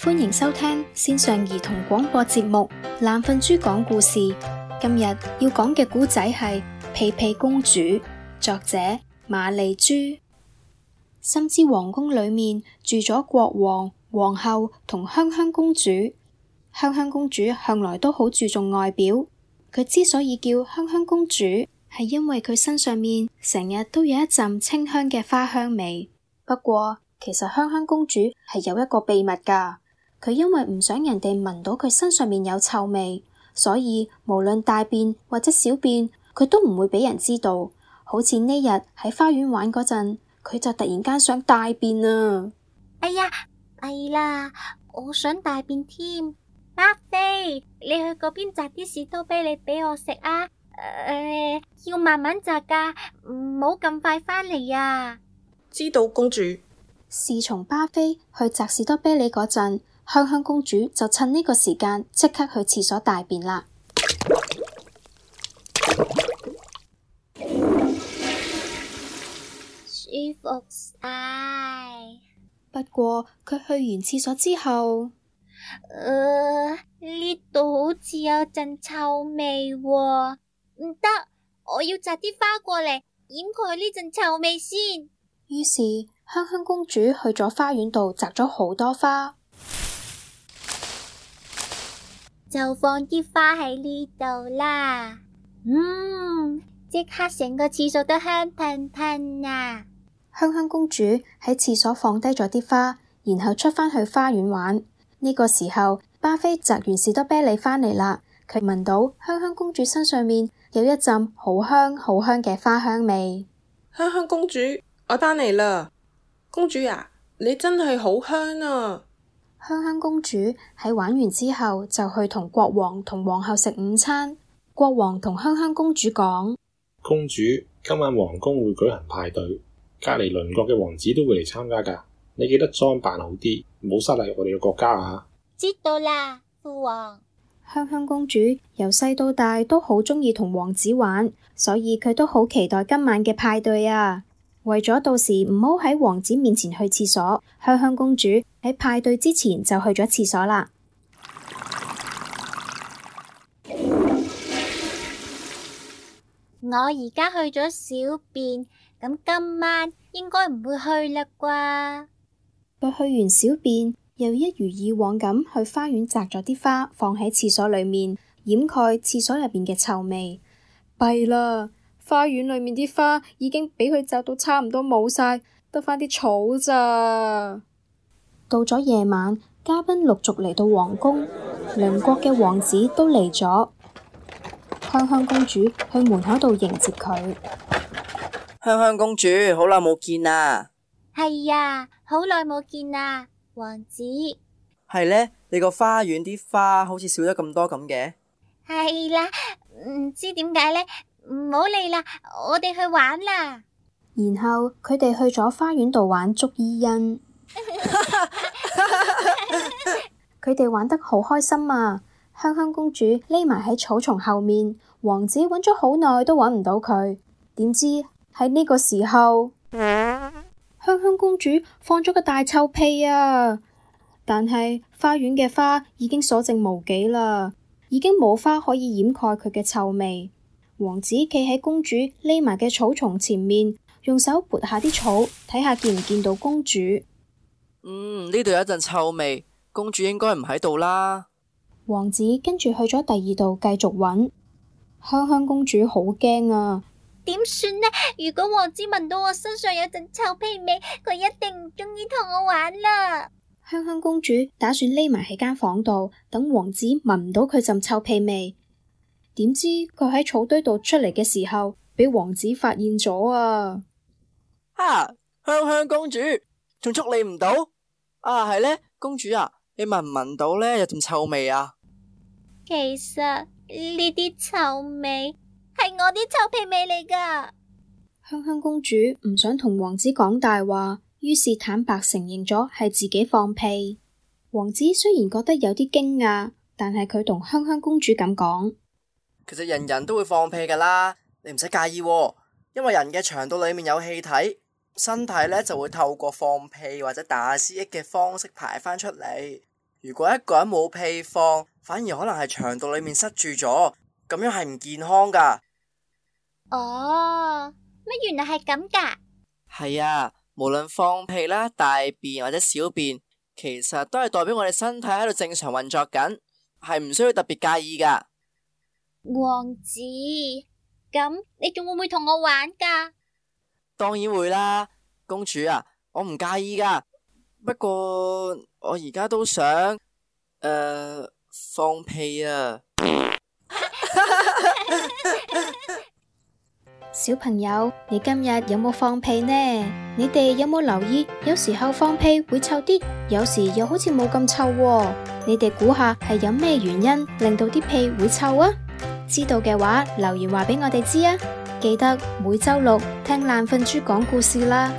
歡迎收聽綫上兒童廣播節目《懶瞓豬講故事》。今日要講嘅古仔係《屁屁公主》，作者瑪利豬。深知皇宮裏面住咗國王、皇后同香香公主。香香公主向來都好注重外表，佢之所以叫香香公主，係因為佢身上面成日都有一陣清香嘅花香味。不過，其實香香公主係有一個秘密噶。佢因為唔想人哋聞到佢身上面有臭味，所以無論大便或者小便，佢都唔會畀人知道。好似呢日喺花園玩嗰陣，佢就突然間想大便啊！哎呀，係啦，我想大便添。巴菲，你去嗰邊摘啲士多啤梨畀我食啊！誒、呃，要慢慢摘噶，唔好咁快翻嚟啊！啊，知道公主。侍從巴菲去摘士多啤梨嗰陣，香香公主就趁呢個時間即刻去廁所大便啦，舒服晒。不過佢去完廁所之後，誒，呢度好似有陣臭味哦。唔得，我要摘啲花過嚟掩蓋呢陣臭味先。於是香香公主去咗花園度摘咗好多花。就放啲花喺呢度啦，嗯，即刻成個廁所都香噴噴啊！香香公主喺廁所放低咗啲花，然後出返去花園玩。呢個時候，巴菲摘完士多啤梨返嚟啦，佢聞到香香公主身上面有一陣好香好香嘅花香味。香香公主，我返嚟啦！公主啊，你真係好香啊！香香公主喺玩完之後就去同國王同皇后食午餐。國王同香香公主講：「公主，今晚皇宮會舉行派對，隔籬鄰國嘅王子都會嚟參加噶。你記得裝扮好啲，唔好失禮我哋嘅國家啊！知道啦，父王。香香公主由細到大都好鍾意同王子玩，所以佢都好期待今晚嘅派對啊！為咗到時唔好喺王子面前去廁所，香香公主喺派對之前就去咗廁所啦。我而家去咗小便，咁今晚應該唔會去啦啩。佢去完小便，又一如以往咁去花園摘咗啲花放喺廁所裏面，掩蓋廁所入邊嘅臭味。弊啦。花園裏面啲花已經俾佢摘到差唔多冇晒，得返啲草咋。到咗夜晚，嘉賓陸續嚟到皇宮，鄰國嘅王子都嚟咗。香香公主去門口度迎接佢。香香公主，好耐冇見啊！係呀，好耐冇見啦，王子。係呢，你個花園啲花好似少咗咁多咁嘅。係啦，唔知點解呢。唔好嚟啦，我哋去玩啦。然後佢哋去咗花園度玩捉伊人，佢哋 玩得好開心啊！香香公主匿埋喺草叢後面，王子揾咗好耐都揾唔到佢。點知喺呢個時候， 香香公主放咗個大臭屁啊！但係花園嘅花已經所剩無幾啦，已經冇花可以掩蓋佢嘅臭味。王子企喺公主匿埋嘅草叢前面，用手撥下啲草，睇下見唔見到公主。嗯，呢度有一陣臭味，公主應該唔喺度啦。王子跟住去咗第二度繼續揾。香香公主好驚啊！點算呢？如果王子聞到我身上有陣臭屁味，佢一定唔中意同我玩啦。香香公主打算匿埋喺間房度，等王子聞唔到佢陣臭屁味。點知佢喺草堆度出嚟嘅時候，俾王子發現咗啊！啊，香香公主仲捉你唔到啊？係呢，公主啊，你聞唔聞到呢？有陣臭味啊？其實呢啲臭味係我啲臭屁味嚟噶。香香公主唔想同王子講大話，於是坦白承認咗係自己放屁。王子雖然覺得有啲驚訝，但係佢同香香公主咁講。其實人人都會放屁噶啦，你唔使介意啊，因為人嘅腸道裏面有氣體，身體呢就會透過放屁或者打思噎嘅方式排翻出嚟。如果一個人冇屁放，反而可能係腸道裏面塞住咗，咁樣係唔健康噶。哦，乜原來係咁噶？係啊，無論放屁啦、大便或者小便，其實都係代表我哋身體喺度正常運作緊，係唔需要特別介意噶。王子，咁你仲會唔會同我玩噶？當然會啦，公主啊，我唔介意噶。不過我而家都想誒、呃、放屁啊！ 小朋友，你今日有冇放屁呢？你哋有冇留意？有時候放屁會臭啲，有時又好似冇咁臭、啊。你哋估下係有咩原因令到啲屁會臭啊？知道嘅話，留言話俾我哋知啊！記得每周六聽爛瞓豬講故事啦。